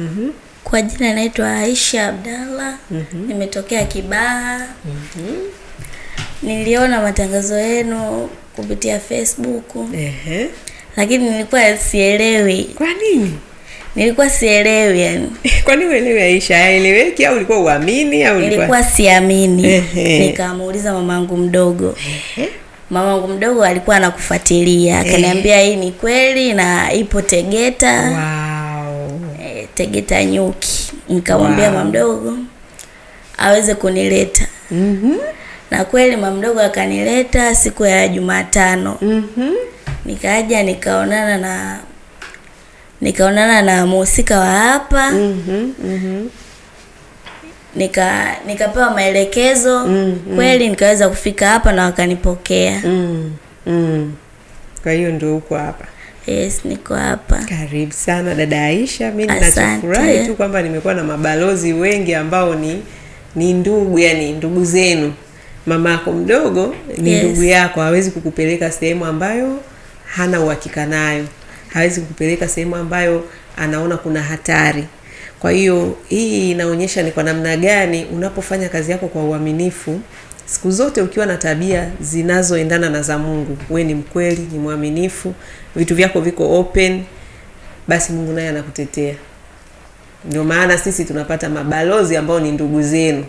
hmm Kwa jina naitwa Aisha Abdalla. Mm-hmm. Nimetokea Kibaha. Mm-hmm. Niliona matangazo yenu kupitia Facebook. Ehe. Lakini nilikuwa sielewi. Kwa nini? Nilikuwa sielewi yani. Kwa nini uelewi Aisha? Haeleweki au ulikuwa uamini au ulikuwa? Nilikuwa siamini. Nikamuuliza mamangu mdogo. Ehe. Mamangu mdogo alikuwa anakufuatilia. Akaniambia hii ni kweli na ipo Tegeta. Wow tegeta nyuki, nikamwambia wow, mamdogo aweze kunileta mm -hmm. na kweli mamdogo akanileta siku ya Jumatano mm -hmm. nikaja nikaonana na nikaonana na mhusika wa hapa mm -hmm. mm -hmm. nika nikapewa maelekezo mm -hmm. kweli nikaweza kufika hapa na wakanipokea mm -hmm. kwa hiyo ndio huko hapa Yes, niko hapa. Karibu sana dada Aisha. Mimi ninachofurahi tu kwamba nimekuwa na mabalozi wengi ambao ni ni ndugu, yani ndugu zenu. mama yako mdogo ni yes, ndugu yako, hawezi kukupeleka sehemu ambayo hana uhakika nayo, hawezi kukupeleka sehemu ambayo anaona kuna hatari. Kwa hiyo hii inaonyesha ni kwa namna gani unapofanya kazi yako kwa uaminifu Siku zote ukiwa na tabia zinazoendana na za Mungu, we ni mkweli, ni mwaminifu, vitu vyako viko open, basi Mungu naye anakutetea. Ndio maana sisi tunapata mabalozi ambao ni ndugu zenu,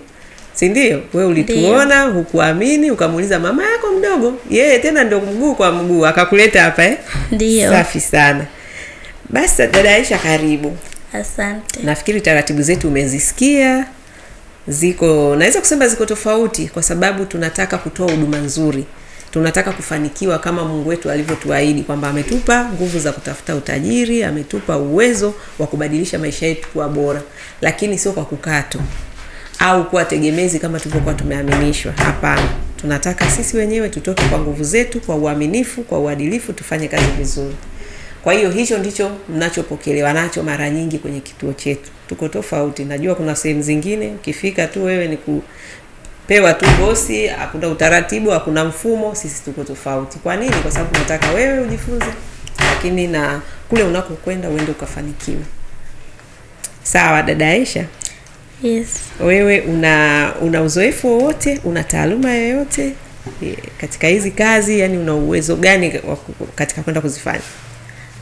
si ndio? We ulituona hukuamini, ukamuuliza mama yako mdogo, yeye tena ndio mguu kwa mguu akakuleta hapa eh? Ndio. Safi sana. Basi dada Aisha, karibu. Asante. Nafikiri taratibu zetu umezisikia ziko naweza kusema ziko tofauti, kwa sababu tunataka kutoa huduma nzuri, tunataka kufanikiwa kama Mungu wetu alivyotuahidi kwamba ametupa nguvu za kutafuta utajiri, ametupa uwezo wa kubadilisha maisha yetu kuwa bora, lakini sio kwa kukato au kuwa tegemezi kama tulivyokuwa tumeaminishwa. Hapana, tunataka sisi wenyewe tutoke kwa nguvu zetu, kwa uaminifu, kwa uadilifu, tufanye kazi vizuri. Kwa hiyo hicho ndicho mnachopokelewa nacho mara nyingi kwenye kituo chetu. Tuko tofauti, najua kuna sehemu zingine ukifika tu wewe ni kupewa tu bosi, hakuna utaratibu, hakuna mfumo. Sisi tuko tofauti. Kwa nini? Kwa sababu nataka wewe ujifunze, lakini na kule unakokwenda uende ukafanikiwe. Sawa dada Aisha? Yes. Wewe una una uzoefu wowote, una taaluma yoyote katika hizi kazi, yani una uwezo gani katika kwenda kuzifanya?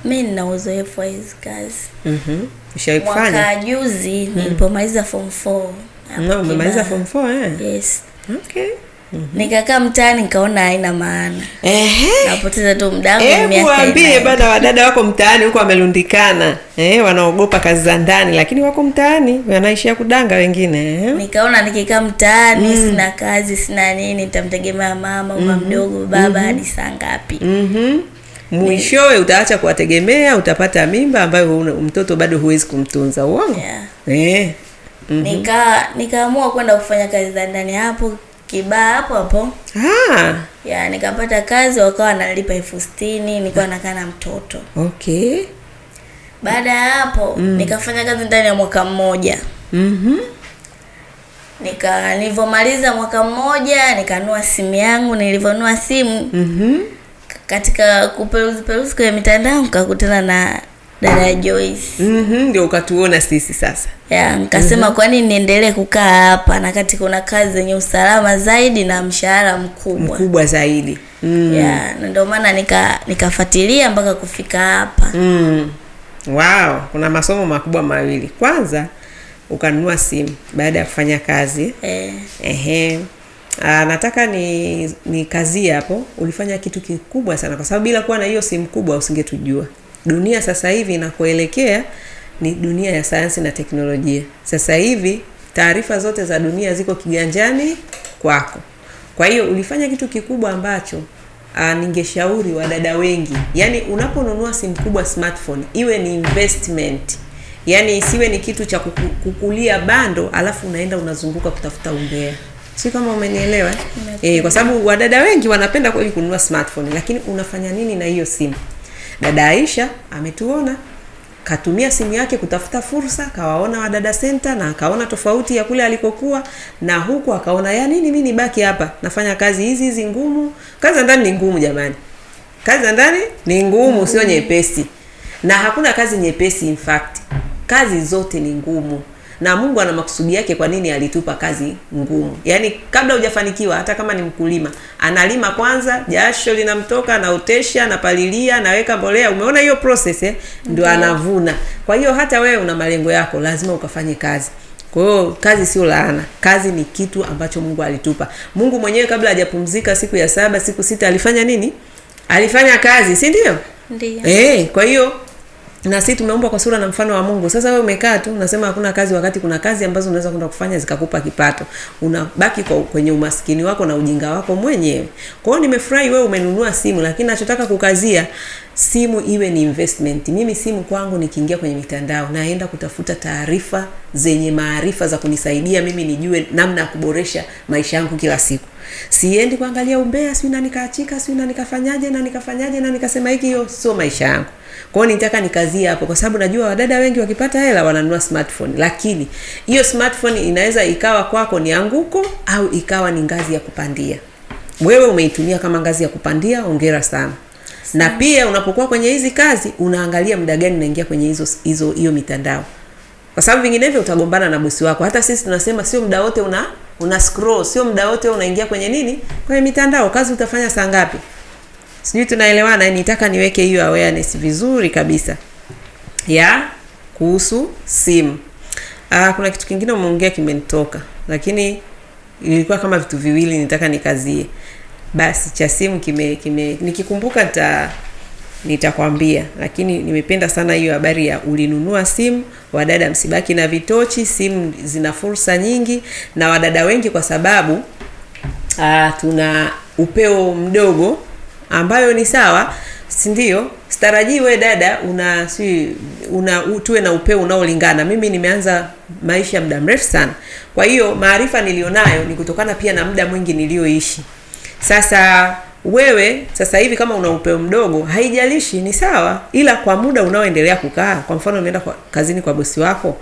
mi nina uzoefu wa hizi kazi mm Mwaka juzi mm. nilipomaliza form 4. No, umemaliza form 4 eh? Yes. Okay. Mm-hmm. Nikakaa mtaani nikaona haina maana. Ehe. Napoteza tu muda wangu miaka. Hebu waambie bana wadada wako mtaani huko wamelundikana Eh, wanaogopa kazi za ndani lakini wako mtaani, wanaishia kudanga wengine. Eh? Nikaona nikikaa mtaani mm. sina kazi, sina nini, nitamtegemea mama, uma mm-hmm. mdogo, baba mm-hmm. hadi saa ngapi? Mhm mwishowe utaacha kuwategemea, utapata mimba ambayo mtoto bado huwezi kumtunza. Uongo yeah. Eh. Mm -hmm. Nika nikaamua kwenda kufanya kazi za ndani hapo Kibaa hapo hapo. Ah. Ya, nikapata kazi wakawa wanalipa elfu sitini nilikuwa nakaa na mtoto. Okay. Baada ya hapo mm. nikafanya kazi ndani ya mwaka mmoja. Mhm. Mm nika nilivyomaliza mwaka mmoja nikanua simu yangu, nilivyonua simu. mm-hmm katika kuperuzi peruzi kwenye mitandao nikakutana na dada Joyce. Mhm, ndio ukatuona sisi sasa. Yeah, nikasema mm -hmm. Kwani niendelee kukaa hapa na kati kuna kazi zenye usalama zaidi na mshahara mkubwa. Mkubwa zaidi. Mm. Yeah, ndio maana nika nikafuatilia mpaka kufika hapa. Mm. Wow, kuna masomo makubwa mawili. Kwanza ukanunua simu baada ya kufanya kazi. Eh. Ehe. Aa, ah, nataka ni, ni kazi hapo. Ulifanya kitu kikubwa sana, kwa sababu bila kuwa na hiyo simu kubwa usingetujua. Dunia sasa hivi inakoelekea ni dunia ya sayansi na teknolojia. Sasa hivi taarifa zote za dunia ziko kiganjani kwako. Kwa hiyo ulifanya kitu kikubwa ambacho aa, ah, ningeshauri wadada wengi, yaani unaponunua simu kubwa smartphone iwe ni investment yaani isiwe ni kitu cha kukulia bando alafu unaenda unazunguka kutafuta umbea si kama umenielewa eh, kwa sababu wadada wengi wanapenda kweli kununua smartphone, lakini unafanya nini na hiyo simu? Dada Aisha ametuona katumia simu yake kutafuta fursa, kawaona wadada center na akaona tofauti ya kule alikokuwa na huku, akaona ya nini mimi nibaki hapa nafanya kazi hizi hizi ngumu. Kazi za ndani ni ngumu jamani, kazi za ndani ni ngumu, sio nyepesi, na hakuna kazi nyepesi. In fact kazi zote ni ngumu na Mungu ana makusudi yake, kwa nini alitupa kazi ngumu. Yaani kabla hujafanikiwa, hata kama ni mkulima, analima kwanza, jasho linamtoka, anaotesha, anapalilia, anaweka mbolea. Umeona hiyo process eh? Ndio anavuna. Kwa hiyo hata wewe una malengo yako, lazima ukafanye kazi. Kwa hiyo kazi sio laana. Kazi ni kitu ambacho Mungu alitupa. Mungu mwenyewe kabla hajapumzika siku ya saba, siku sita alifanya nini? Alifanya kazi, si ndio? Ndiyo. Eh, kwa hiyo na si tumeumbwa kwa sura na mfano wa Mungu. Sasa wewe umekaa tu unasema hakuna kazi, wakati kuna kazi ambazo unaweza kwenda kufanya zikakupa kipato. Unabaki kwa, kwenye umaskini wako na ujinga wako mwenyewe. Kwa hiyo nimefurahi wewe umenunua simu, lakini nachotaka kukazia simu iwe ni investment. Mimi simu kwangu, nikiingia kwenye mitandao naenda kutafuta taarifa zenye maarifa za kunisaidia mimi nijue namna ya kuboresha maisha yangu kila siku. Siendi kuangalia umbea, sijui nani kaachika, sijui nani kafanyaje na nikafanyaje na nikasema hiki. Hiyo sio maisha yangu. kwao nitaka nikazie hapo, kwa sababu najua wadada wengi wakipata hela wananunua smartphone, lakini hiyo smartphone inaweza ikawa kwako ni anguko au ikawa ni ngazi ya kupandia. Wewe umeitumia kama ngazi ya kupandia, ongera sana na pia unapokuwa kwenye hizi kazi unaangalia muda gani unaingia kwenye hizo hizo hiyo mitandao, kwa sababu vinginevyo utagombana na bosi wako. Hata sisi tunasema sio muda wote una una scroll, sio muda wote unaingia kwenye nini, kwenye mitandao. Kazi utafanya saa ngapi? Sijui tunaelewana. Yaani nitaka niweke hiyo awareness vizuri kabisa ya kuhusu simu. Ah, kuna kitu kingine umeongea kimenitoka, lakini ilikuwa kama vitu viwili, nitaka nikazie basi cha simu kime, kime nikikumbuka nita nitakwambia, lakini nimependa sana hiyo habari ya ulinunua simu. Wadada msibaki na vitochi, simu zina fursa nyingi, na wadada wengi kwa sababu aa, ah, tuna upeo mdogo ambayo ni sawa, si ndio? Sitarajii we dada una si una tuwe na upeo unaolingana. Mimi nimeanza maisha muda mrefu sana, kwa hiyo maarifa nilionayo ni kutokana pia na muda mwingi nilioishi. Sasa wewe sasa hivi kama una upeo mdogo, haijalishi, ni sawa, ila kwa muda unaoendelea kukaa, kwa mfano umeenda kazini kwa bosi wako,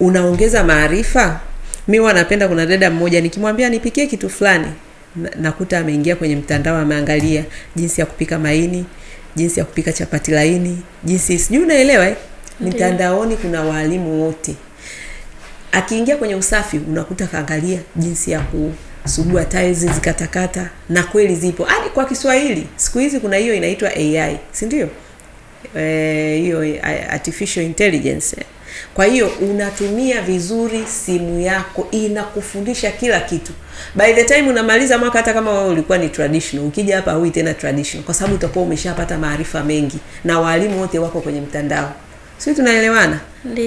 unaongeza maarifa. Mi wanapenda, kuna dada mmoja nikimwambia nipikie kitu fulani, nakuta ameingia kwenye mtandao, ameangalia jinsi ya kupika maini, jinsi ya kupika chapati laini, jinsi sijui, unaelewa eh? Mtandaoni kuna waalimu wote. Akiingia kwenye usafi, unakuta kaangalia jinsi ya ku sugua tiles zikatakata, na kweli zipo hadi kwa Kiswahili. Siku hizi kuna hiyo inaitwa AI, si ndio? Eh, hiyo e, artificial intelligence. Kwa hiyo unatumia vizuri simu yako, inakufundisha kila kitu. By the time unamaliza mwaka, hata kama wewe ulikuwa ni traditional, ukija hapa hui tena traditional, kwa sababu utakuwa umeshapata maarifa mengi, na walimu wote wako kwenye mtandao sio tunaelewana?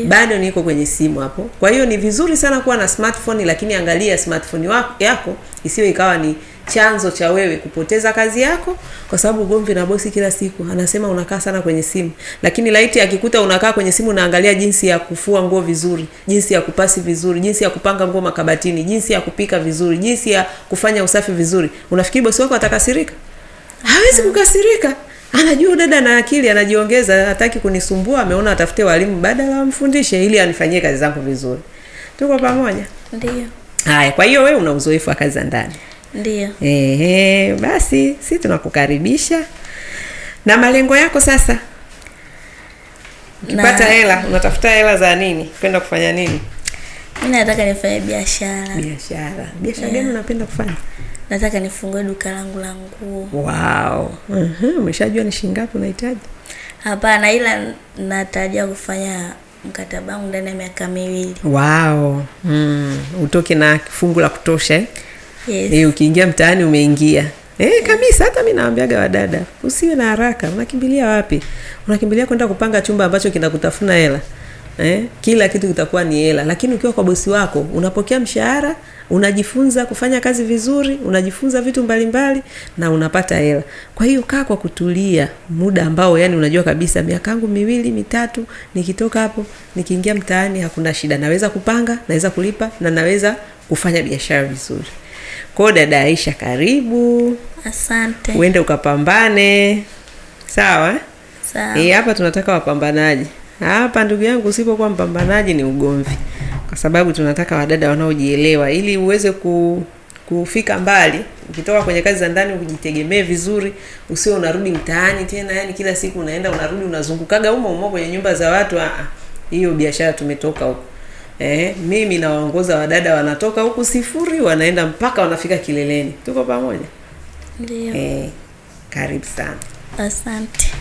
Bado niko kwenye simu hapo. Kwa hiyo ni vizuri sana kuwa na smartphone, lakini angalia smartphone wako, yako isiyo ikawa ni chanzo cha wewe kupoteza kazi yako, kwa sababu ugomvi na bosi kila siku anasema unakaa sana kwenye simu, lakini laiti akikuta unakaa kwenye simu, naangalia jinsi ya kufua nguo vizuri, jinsi ya kupasi vizuri, jinsi ya kupanga nguo makabatini, jinsi ya kupika vizuri, jinsi ya kufanya usafi vizuri, unafikiri bosi wako atakasirika? Hawezi hmm. kukasirika anajua dada na akili anajiongeza, hataki kunisumbua, ameona atafute walimu badala wamfundishe ili anifanyie kazi zangu vizuri. Tuko pamoja? Ndio. Haya, kwa hiyo wewe una uzoefu wa kazi za ndani? Ndio. Ehe, basi si tunakukaribisha. Na malengo yako sasa, ukipata hela unatafuta hela za nini? Kwenda kufanya nini? mi nataka nifanye biashara. Biashara, biashara gani unapenda kufanya? nataka nifungue duka langu la nguo. Wow. Umeshajua ni shilingi ngapi unahitaji? Hapana, ila natarajia kufanya mkataba wangu ndani ya miaka miwili. Wow. Mm. Utoke na fungu la kutosha eh? Yes. Eh, ukiingia mtaani umeingia Eh, kabisa. Hata mi naambiaga wadada, usiwe na haraka. Unakimbilia wapi? Unakimbilia kwenda kupanga chumba ambacho kinakutafuna hela eh? Kila kitu kitakuwa ni hela, lakini ukiwa kwa bosi wako unapokea mshahara unajifunza kufanya kazi vizuri, unajifunza vitu mbalimbali mbali, na unapata hela. Kwa hiyo kaa kwa kutulia muda ambao yani unajua kabisa miaka yangu miwili mitatu, nikitoka hapo nikiingia mtaani hakuna shida, naweza kupanga, naweza kulipa na naweza kufanya biashara vizuri. kwao dada Aisha, karibu. Asante. Uende ukapambane, sawa eh? sawa. E, hapa tunataka wapambanaji hapa, ndugu yangu, usipokuwa mpambanaji ni ugomvi kwa sababu tunataka wadada wanaojielewa ili uweze ku kufika mbali ukitoka kwenye kazi za ndani, ukijitegemee vizuri, usio unarudi mtaani tena, yani kila siku unaenda unarudi, unazungukaga umo umo kwenye nyumba za watu. Ah, ah hiyo biashara tumetoka huko. Eh, mimi nawaongoza wadada wanatoka huku sifuri wanaenda mpaka wanafika kileleni. Tuko pamoja? Ndio. Eh, karibu sana. Asante.